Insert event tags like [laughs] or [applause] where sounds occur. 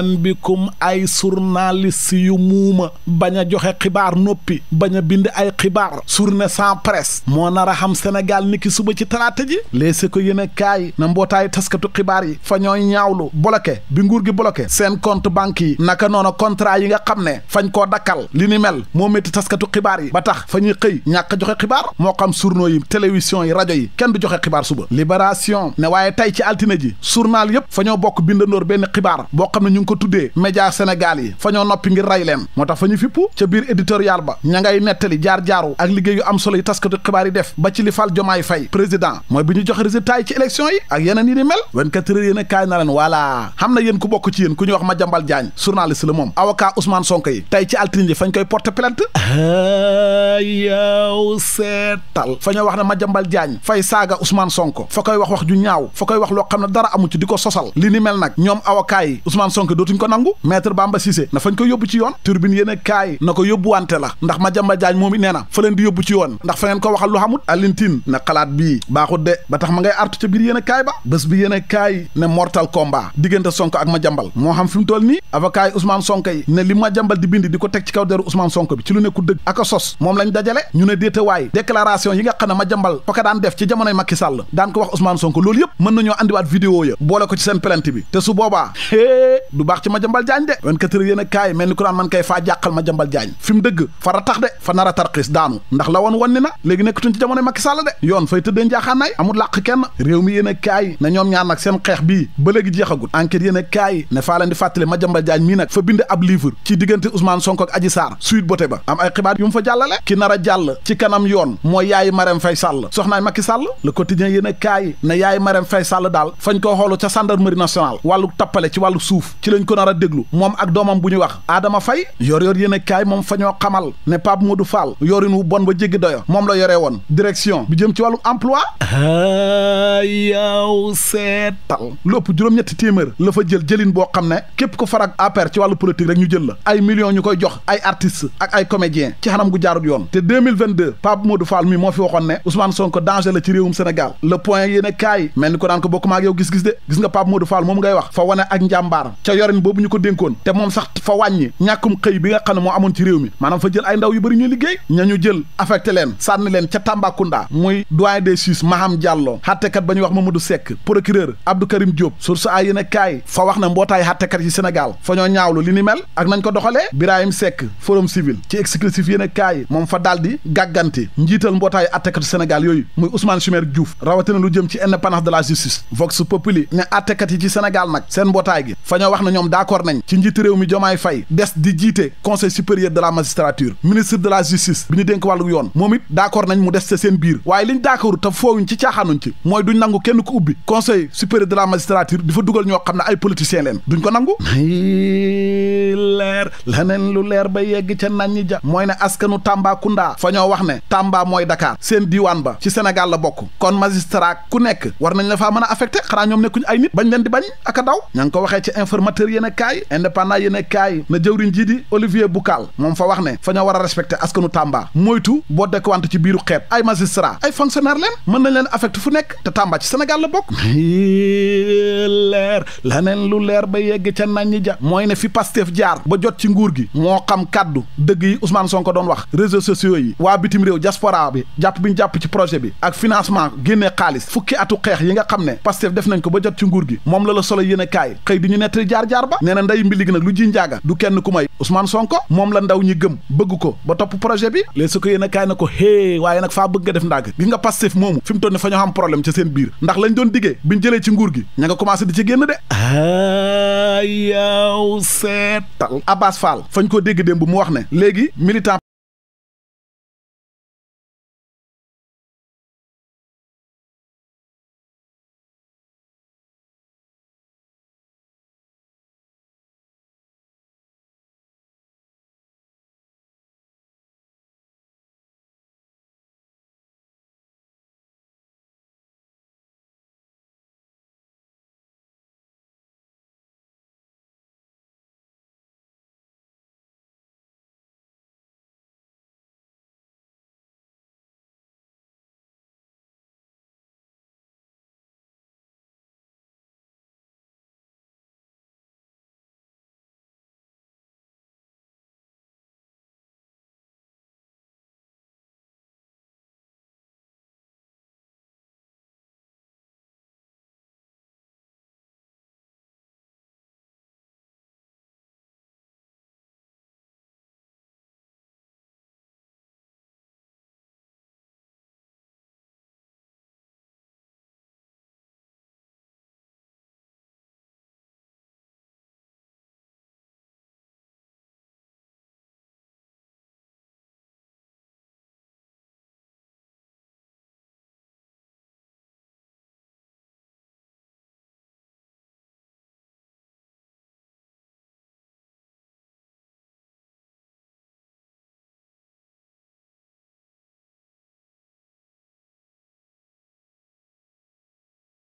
zambikum ay journaliste yu muuma bañ a joxe xibaar noppi bañ a bind ay xibaar journée san presse moo nar a xam Sénégal nikki suba ci talaata ji léese ko yéen a kaay na mbootaayu taskatu xibaar yi fañoo ñooy ñaawlu bi nguur gi bloqué seen compte banque yi naka noonu contrat yi nga xam ne fañ koo dakkal li ni mel moo métti taskatu xibaar yi ba tax fa ñuy xëy ñàkk joxe xibaar moo xam journaux yi télévision yi rajo yi kenn du joxe xibaar suba libération ne waaye tey ci altine ji journal yëpp fa ko tuddee média Sénégal yi fañoo noppi ngir ray leen moo tax fa ñu fippu ca biir éditorial ba ña ngay nettali jaar-jaaru ak liggéey yu am solo yi taskatu xibaar yi def ba ci li fal jomaay fay président mooy bi ñu jox résultat yi ci élection yi ak yeneen yi di mel 24 heures yéen a kaay na leen voilà xam na yéen ku bokk ci yéen ku ñuy wax Madiambal Diagne journaliste la moom avocat Ousmane Sonko yi tey ci altine ji fañ koy porter plainte yow seetal fa ñoo wax ne Madiambal Diagne fay saaga Ousmane Sonko fa koy wax wax ju ñaaw fa koy wax loo xam ne dara amu ci di ko sosal li ni mel nag ñoom avocat yi Ousmane Sonko dootuñ ko nangu maître Bamba Cissé na fañ ko yóbbu ci yoon turbine yéen a kaay na ko yóbbuwante la ndax Madiambal Diagne moom it nee na fa leen di yóbbu ci yoon ndax fa ngeen ko waxal lu xamut alintin na xalaat bii baaxut de ba tax ma ngay artu ca biir yéen a kaay ba bés bi yéen a kaay ne mortal combat diggante Sonko ak Madiambal moo xam fi nii avocat yi Sonko yi ne li Madiambal di bind di ko teg ci kaw deru Sonko bi ci lu ne ku daan def ci jamonoy Macky Sall daan ko wax Ousmane Sonko loolu yëpp mën nañoo andiwaat vidéo ya boole [laughs] baax ci Madiambal Diagne de 24 heures yéen a kaay mel ni ku naan man kay faa jàqal Madiambal Diagne fi mu dëgg fa ratax de fa nar a tarxiis daanu ndax la woon won ni na léegi nekkatuñ ci jamono Macky Sall de yoon fay tëddee njaaxaanaay amul làq kenn réew mi yéen a kaay ne ñoom ñaar nag seen xeex bii ba léegi jeexagut enquête yéen a kaay ne faa leen di fàttali Madiambal Diagne mii nag fa bind ab livre ci diggante Ousmane Sonko ak Adji Sarr suite bote ba am ay a jàll ci a kaay ne lañ ko nar a moom ak doomam bu ñu wax Adama Faye yor yor yéen a kaay moom fa ñoo xamal ne Pape Modou Fall yorin wu bon ba jéggi doyo moom la yore woon direction bi jëm ci wàllu emploi yow seetal lépp juróom-ñetti téeméer la fa jël jëlin boo xam ne képp ko farak APR ci wàllu politique rek ñu jël la ay millions ñu koy jox ay artistes ak ay comédiens ci xanam gu jaarut yoon te 2022 Pape Modou Fall mi moo fi waxoon ne Ousmane Sonko danger la ci réewum Sénégal le point mel ni ko daan ko bokkuma ak yow gis-gis de gis nga Pape wax fa wane ak arène boobu ñu ko dénkoon te moom sax fa wàññi ñàkkum xëy bi nga xam ne moo amoon ci réew mi maanaam fa jël ay ndaw yu bëri ñuy liggéey ñañu jël affecté leen sànni leen ca Tambacounda muy doyen des juges ma Diallo xattekat ba ñuy wax Mamadou Seck procureur Abdou Karim Diop source a yéen a kaay fa wax ne mbootaay xattekat yi Sénégal fa ñoo ñaawlu li ni mel ak nañ ko doxalee Birahim Seck forum civil ci exclusif yéen a kaay moom fa daal di gàggante njiital mbootaay attekatu yooyu muy Ousmane Chimère Diouf rawatina lu jëm ci indépendance de la justice vox populi ne attekat yi ci ñoom d'accord nañ ci njiitu réew mi Diomaye Faye des di jiite conseil supérieur de la magistrature ministre de la justice bi ñu dénk wàllu yoon moom it d'accord nañ mu des ca seen biir waaye liñ d'accordu te foowuñ ci caaxaanuñ ci mooy duñ nangu kenn ko ubbi conseil supérieur de la magistrature fa dugal ñoo xam ne ay politiciens leen duñ ko nangu leer leneen lu leer ba yegg ca nañ mooy ne askanu Tambacounda fa ñoo wax ne Tamba mooy Dakar seen diiwaan ba ci Sénégal la bokk kon magistrat ku nekk war nañ la faa mën a affecté xanaa ñoom nekkuñ ay nit bañ leen di a yéen a kaay indépendant yéen a kaay na jëwriñ jii di Olivier Boucal moom fa wax ne fa ñoo war a respecté askanu Tamba moytu boo dekwante ci biiru xeet ay magistrat ay fonctionnaire leen mën nañ leen affecté fu nekk te Tamba ci Sénégal la bokk leer laneen lu leer ba yegg ca nañ ja mooy ne fi Pastef jaar ba jot ci nguur gi moo xam kaddu dëgg yi Ousmane Sonko doon wax réseaux sociaux yi waa bitim réew diaspora bi jàpp bi jàpp ci projet bi ak financement génnee xaalis fukki atu xeex yi nga xam ne Pastef def nañ ko ba jot ci nguur gi moom la la solo jaar ba nee na nday mbiligi nag lu ji njaaga du kenn ku may Ousmane Sonko moom la ndaw ñi gëm bëgg ko ba topp projet bi léeg su ko yéen a kaay na ko hée waaye nag faa bëgg nga def ndàgg gis nga Pastef moomu fi mu toll ne fa ñoo xam problème ca seen biir ndax lañ doon diggee biñ jëlee ci nguur gi ña nga commencé di ci génn de ayaw ah, seetal Abbas Fall fañ koo dégg démb mu wax ne léegi militant